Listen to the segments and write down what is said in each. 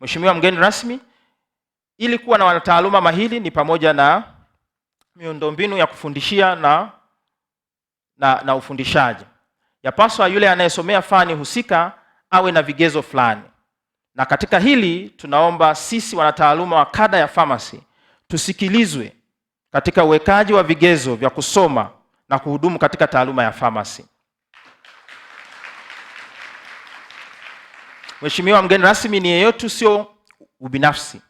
Mheshimiwa mgeni rasmi, ili kuwa na wanataaluma mahili ni pamoja na miundombinu ya kufundishia na, na, na ufundishaji. Yapaswa yule anayesomea fani husika awe na vigezo fulani, na katika hili tunaomba sisi wanataaluma wa kada ya famasi tusikilizwe katika uwekaji wa vigezo vya kusoma na kuhudumu katika taaluma ya famasi. Mheshimiwa mgeni rasmi, nia yetu sio ubinafsi.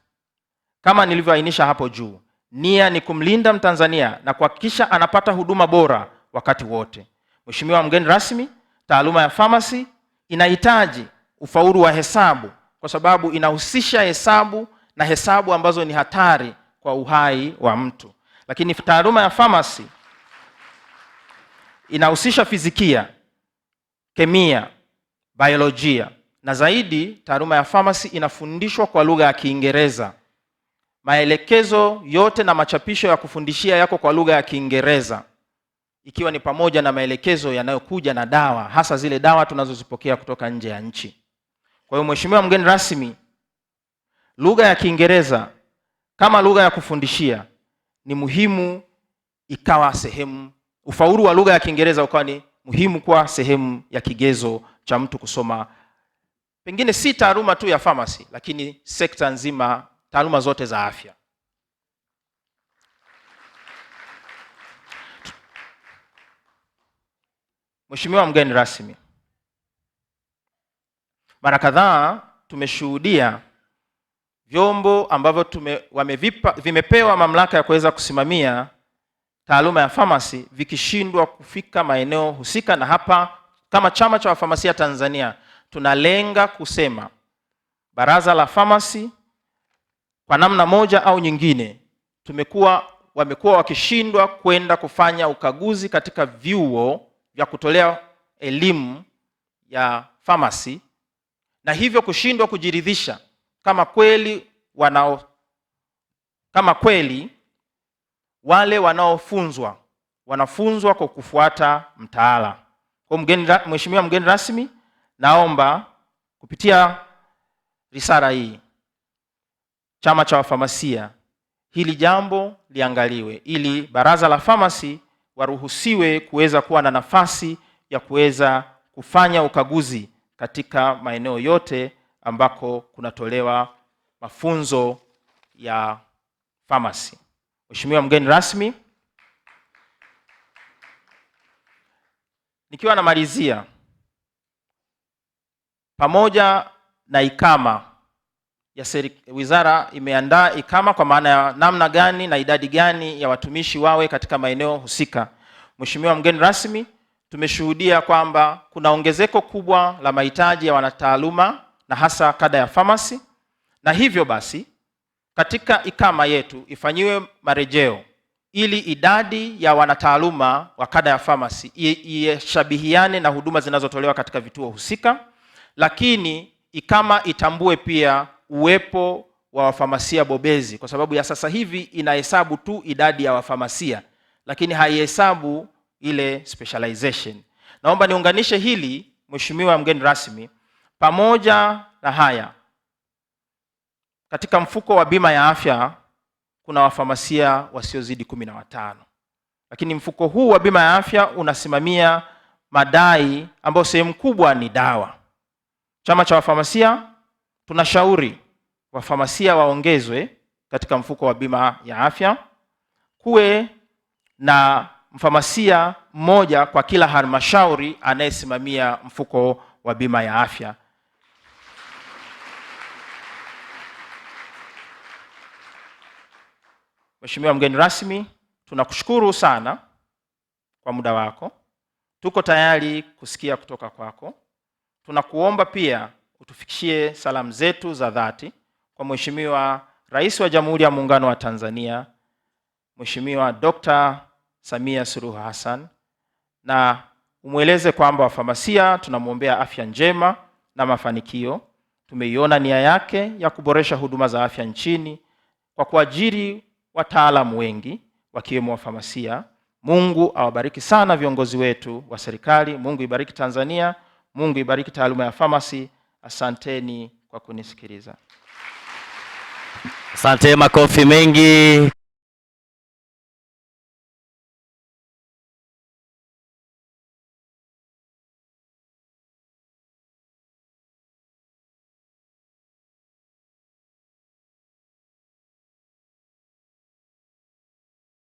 Kama nilivyoainisha hapo juu, nia ni kumlinda Mtanzania na kuhakikisha anapata huduma bora wakati wote. Mheshimiwa mgeni rasmi, taaluma ya pharmacy inahitaji ufaulu wa hesabu kwa sababu inahusisha hesabu na hesabu ambazo ni hatari kwa uhai wa mtu, lakini taaluma ya pharmacy inahusisha fizikia, kemia, biolojia na zaidi taaluma ya famasi inafundishwa kwa lugha ya Kiingereza. Maelekezo yote na machapisho ya kufundishia yako kwa lugha ya Kiingereza, ikiwa ni pamoja na maelekezo yanayokuja na dawa, hasa zile dawa tunazozipokea kutoka nje ya nchi. Kwa hiyo, mheshimiwa mgeni rasmi, lugha ya Kiingereza kama lugha ya kufundishia ni muhimu ikawa sehemu, ufaulu wa lugha ya Kiingereza ukawa ni muhimu kuwa sehemu ya kigezo cha mtu kusoma pengine si taaluma tu ya pharmacy, lakini sekta nzima, taaluma zote za afya. Mheshimiwa mgeni rasmi, mara kadhaa tumeshuhudia vyombo ambavyo tume, wamevipa, vimepewa mamlaka ya kuweza kusimamia taaluma ya pharmacy vikishindwa kufika maeneo husika, na hapa kama chama cha wafamasia Tanzania tunalenga kusema baraza la famasi kwa namna moja au nyingine tumekuwa wamekuwa wakishindwa kwenda kufanya ukaguzi katika vyuo vya kutolea elimu ya famasi na hivyo kushindwa kujiridhisha kama kweli wanao kama kweli wale wanaofunzwa wanafunzwa kwa kufuata mtaala. Kwa mgeni, mheshimiwa mgeni rasmi, naomba kupitia risara hii chama cha wafamasia hili jambo liangaliwe, ili baraza la famasi waruhusiwe kuweza kuwa na nafasi ya kuweza kufanya ukaguzi katika maeneo yote ambako kunatolewa mafunzo ya famasi. Mheshimiwa mgeni rasmi, nikiwa namalizia pamoja na ikama ya seri, wizara imeandaa ikama kwa maana ya namna gani na idadi gani ya watumishi wawe katika maeneo husika. Mheshimiwa mgeni rasmi, tumeshuhudia kwamba kuna ongezeko kubwa la mahitaji ya wanataaluma na hasa kada ya famasi, na hivyo basi katika ikama yetu ifanyiwe marejeo ili idadi ya wanataaluma wa kada ya famasi ishabihiane na huduma zinazotolewa katika vituo husika lakini ikama itambue pia uwepo wa wafamasia bobezi, kwa sababu ya sasa hivi inahesabu tu idadi ya wafamasia, lakini haihesabu ile specialization. Naomba niunganishe hili, Mheshimiwa mgeni rasmi, pamoja na haya, katika mfuko wa bima ya afya kuna wafamasia wasiozidi kumi na watano, lakini mfuko huu wa bima ya afya unasimamia madai ambayo sehemu kubwa ni dawa. Chama cha wafamasia tunashauri wafamasia waongezwe katika mfuko wa bima ya afya, kuwe na mfamasia mmoja kwa kila halmashauri anayesimamia mfuko wa bima ya afya. Mheshimiwa mgeni rasmi, tunakushukuru sana kwa muda wako. Tuko tayari kusikia kutoka kwako tunakuomba pia utufikishie salamu zetu za dhati kwa Mheshimiwa Rais wa Jamhuri ya Muungano wa Tanzania, Mheshimiwa Dr. Samia Suluhu Hassan, na umweleze kwamba wafamasia tunamwombea afya njema na mafanikio. Tumeiona nia yake ya kuboresha huduma za afya nchini kwa kuajiri wataalamu wengi wakiwemo wafamasia. Mungu awabariki sana viongozi wetu wa serikali. Mungu ibariki Tanzania. Mungu ibariki taaluma ya pharmacy. Asanteni kwa kunisikiliza. Asante, makofi mengi.